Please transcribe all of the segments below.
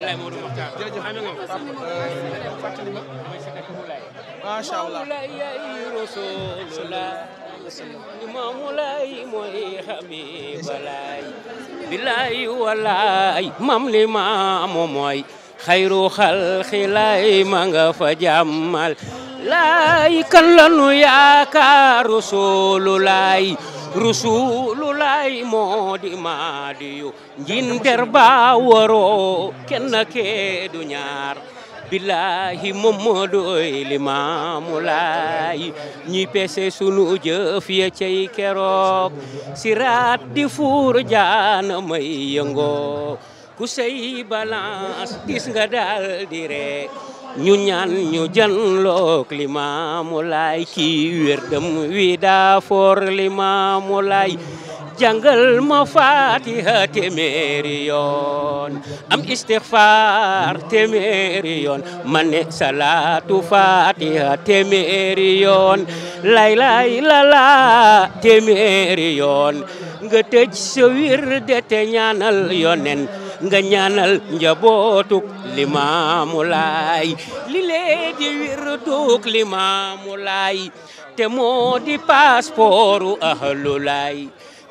macha euh, allah. bilaay walaay mam li maamu mooy xayru xalqi laay ma nga fa jàmmal laay kan lanu yaakaar rasulu laay Rasulullah moo di maadiyu njindeer ba waroo kenn kee du ñaar billahi moom moo doy Limaamu Laay ñi pese sunu jëf ya cey keroog siraat di fuur jaana may yëngoo ku sey balance gis nga daal di rek ñu ñaan ñu janlook Limaamu Laay kii wérdam wi daa foor Limaamu Laay jàngal ma fatiha téeméeri yoon am istighfar téeméeri yoon ma ne salaatu fatiha téeméeri yoon lay lay la la téeméeri yoon nga sa wir de te ñaanal yonen nga ñaanal njabootuk limaamu laay li lee di wirduk limaamu laay te moo di passeportu ahlu laay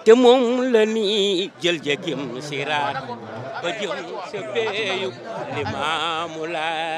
te moom la nii jël jëkim siraat ba jëm sa béyuk limaamu laay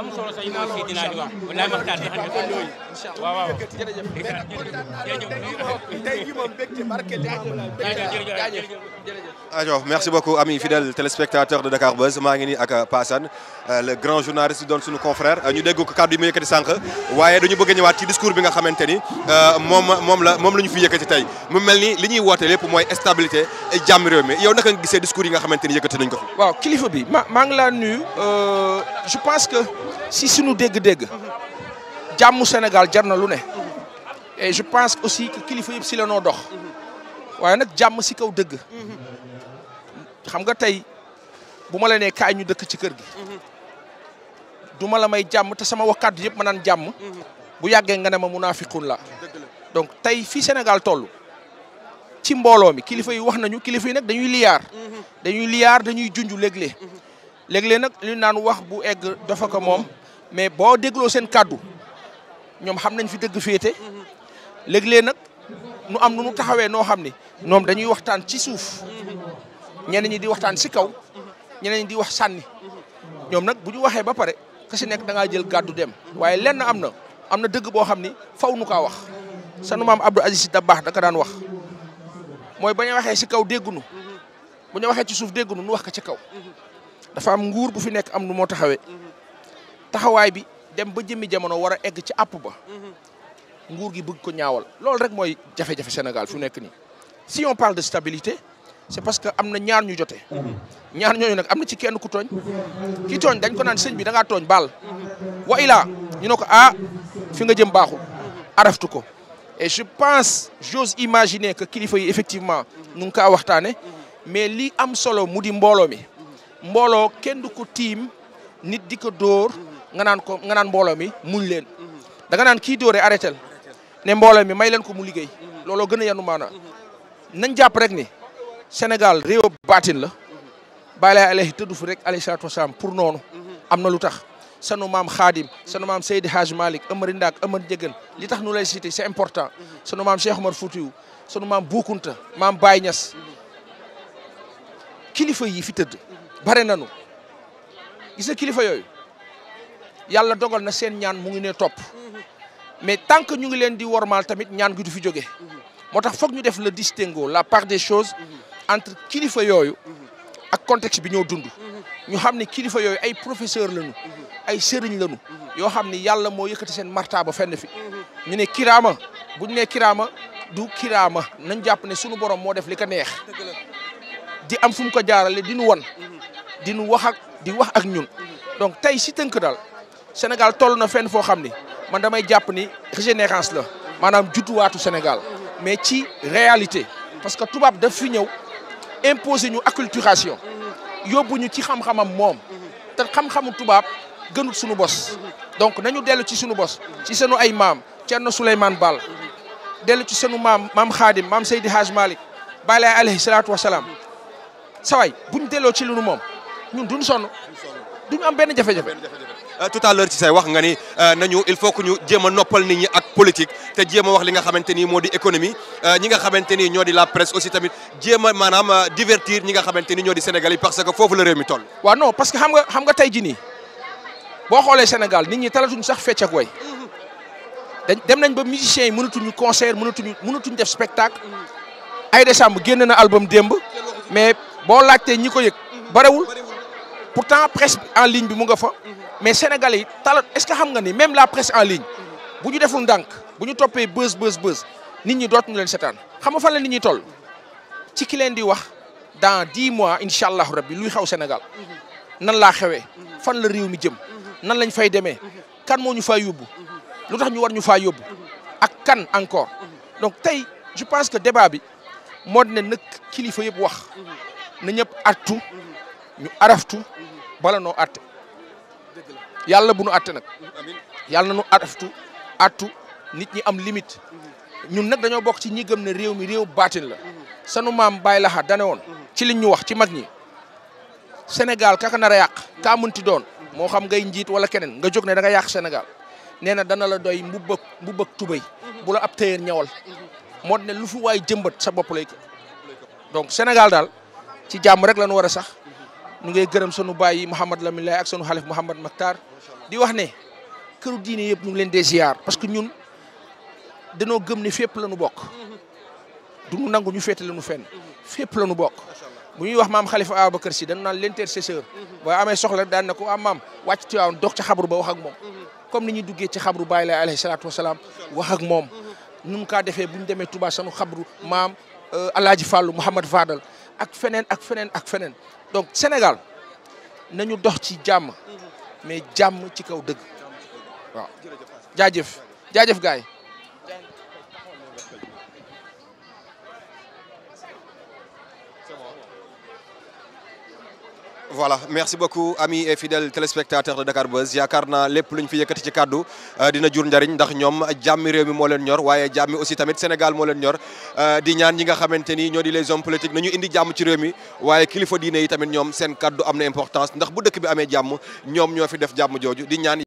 am solo sax yi ma si dinaa di wax walaay waxtaan bi xam nga loolu waaw waaw jërëjëf jërëjëf merci beaucoup amis fidèles téléspectateurs de Dakar Buzz maa ngi nii ak euh, Passane euh, le grand journaliste doon suñu confrère euh, ñu dégg ko kàddu yi mu yëkkati sànq waaye dañu bëgg a ñëwaat ci discours bi nga xamante ni moom moom la moom la ñu fi yëkkati tey mu mel ni li ñuy woote lépp mooy stabilité jàmm réew mi yow naka nga gisee discours yi nga xamante ni yëkkati nañ ko fi kilifa bi maa ngi laa je pense que si suñu dégg-dégg jàmm Sénégal jar na lu ne et je pense aussi kilifa yëpp si la noo dox waaye nag jàmm si kaw dëgg xam nga tey bu ma la nee kaay ñu dëkk ci kër gi du la may jàmm te sama wax kàddu yëpp ma naan jàmm bu yàggee nga ne ma munaafiqun la donc tey fi Sénégal toll ci mbooloo mi kilifa yi wax nañu kilifa yi nag dañuy liyaar mhm. dañuy liyaar dañuy léeg-léeg nag li naan wax bu egg dafa ko moom mais boo dégloo seen kàddu ñoom xam nañ fi dëgg féete léeg nag nu am nu nu taxawee noo xam ni ñoom dañuy waxtaan ci suuf ñeneen ñi di waxtaan si kaw ñeneen ñi di wax sànni ñoom nag bu ñu waxee ba pare ku si nekk da jël kàddu dem waaye lenn am na am na dëgg boo xam ni faw nu kaa wax sanu maam Abdou Aziz da baax da ka daan wax mooy bañ a waxee si kaw déggunu bu ñu waxee ci suuf déggunu nu wax ko ci kaw dafa am nguur bu fi nekk am nu moo taxawee taxawaay bi dem ba jëmmi jamono war a egg ci àpp ba nguur gi bugg ko ñaawal loolu rek mooy jafe-jafe Sénégal fu nekk nii si on parle de stabilité c'est parce que am na ñaan ñu jote ñaar ñooñu nag am na ci kenn ku tooñ ki tooñ dañ ko naan sëñ bi da ngaa tooñ baal wa ilaa ñu ne ko ah fi nga jëm baaxul araftu ko et je pense j'ose imaginer que kilifa yi effectivement ñu ngi kaa waxtaane mais li am solo mu di mbooloo mi mbooloo kenn du ko tiim nit di ko dóor nga naan ko nga naan mbooloo mi muñ leen da nga naan kii dóoree arrêté ne mbooloo mi may leen ko mu liggéey looloo gën a yanu maana nañ jàpp rek ni Sénégal réew baatin la bàyyi lay alayhi rek alayhi salaatu wasalaam pour noonu am na lu tax sanu maam Xaadim sanu maam Seydi Hadj Malick Amari Ndaak Amari Njëgën li tax nu lay cité c'est important sanu maam Cheikh Omar Foutiyou sanu maam Boukounta maam Baye Niass kilifa yi fi tëdd bare nanu gis na kilifa yooyu yàlla dogal na seen ñaan mu ngi ne topp mais tant que ñu ngi leen di wormaal tamit ñaan gi du fi jóge moo tax foog ñu def la distinguo la part des choses entre kilifa yooyu ak contexte bi ñoo dund ñu xam ne kilifa yooyu ay professeur lañu ay sëriñ lañu yoo xam ni yàlla moo yëkkati seen ba fenn fi ñu ne kiraama bu ñu nee kiraama du kiraama nañ jàpp ne sunu borom moo def li ko neex di am fu mu ko jaarale di wan won di nu wax ak di wax ak ñun donc tey si tënk daal Sénégal toll na fenn foo xam ni man damay jàpp ni régénérance la maanaam judduwaatu Sénégal mais ci réalité parce que tubaab daf fi ñëw imposer ñu acculturation yóbbu ñu ci xam-xamam moom te xam-xamu tubaab gënul suñu bos donc nañu dellu ci suñu bos ci sunu ay maam Cerno Souleymane Baal dellu ci sunu maam maam Xaadim maam Seydi Hadj Malick baale alayhi salaatu wasalaam saway ñu delloo ci lu nu moom ñun duñ sonn duñ am benn jafe-jafe euh, tout à l'heure ci say wax nga ni euh, nañu il faut que ñu jéem a noppal nit ñi ak politique te jéem a wax li nga xamante ni moo di économie euh, ñi nga xamante ni ñoo di la presse aussi tamit jéem a maanaam divertir ñi nga xamante ni ñoo di Sénégal parce que foofu la réew mi toll. waaw non parce que xam nga xam nga tey nii boo xoolee Sénégal nit ñi talatuñ sax fecc ak way dañ dem nañ ba musiciens yi mënatuñu concert mënatuñu mënatuñu def spectacle. Mm-hmm. Aïda Samb génn na album démb mais boo laajtee ñi ko yëg mhm. barewul pourtant presse en ligne bi mu nga fa mhm. mais sénégal yi talat est-ce que xam nga ni même laa presse en ligne mhm. bu ñu deful ndànk bu ñu toppee bës bës bës nit ñi dootuñu leen setaan xam nga fan la nit ñi toll ci ki leen di wax dans dix mois incha allahu rabbi luy xew Sénégal nan laa xewee fan la réew mi jëm nan lañ fay demee kan moo ñu faa yóbbu lu tax ñu war ñu faa yóbbu ak kan encore donc tey je pense que débat bi moo di ne nag kilifa yëpp wax na ñëpp artu ñu araftu bala noo atte yàlla bu nu atte nag yàlla na nu araftu artu nit ñi am limite ñun nag dañoo bokk ci ñi gëm ne réew mi réew baatin la sanu maam bàyyi laxa dane woon ci li ñu wax ci mag ñi Sénégal kaka nar a yàq kaa mënti doon moo xam ngay njiit wala keneen nga jog ne da nga yàq Sénégal nee na dana la doy mbubb ak mbubb tubéy bu la ab ñawal moo ne lu fi waay jëmbat sa bopp lay donc Sénégal daal ci jàmm rek la ñu war a sax ñu ngay gërëm sunu bàyyi Mouhamad Lamine Lay ak sunu xalif Mouhamad Maktar di wax ne kër këru diine yëpp ñu ngi leen dee ziar parce que ñun danoo gëm ne fépp la nu bokk du ñu nangu ñu féete la ñu fen fépp la nu bokk bu ñuy wax maam xalifa Ababacar si dañu naan l'intercesseur boo amee soxla daan na ko am maam wàcc ci waaw dox ca xabru ba wax ak moom comme ni ñuy duggee ci xabru baay lay alayhi salaatu wasalaam wax ak moom nun kaa defee bu ñu demee Touba sanu xabru maam euh, alaaji Fàllu Mouhamad Fadal ak feneen ak feneen ak feneen donc Sénégal nañu dox ci jàmm mais jàmm ci kaw dëgg waaw jaajëf jaajëf gaay voilà merci beaucoup amis et fidèles téléspectateurs de Dakar Buzz yaakaar naa lépp lu ñu fi euh, dina jur njariñ ndax ñoom jàmmi réew mi moo leen ñor waaye jàmmi aussi tamit Sénégal moo leen ñor euh, di ñaan ñi nga xamante ni ñoo di les hommes politiques nañu indi jàmm ci réew mi waaye kilifa diine yi tamit ñoom seen kàddu am na importance ndax bu dëkk bi ame jàmm ñoom ñoo fi def jàmm jooju di ñaan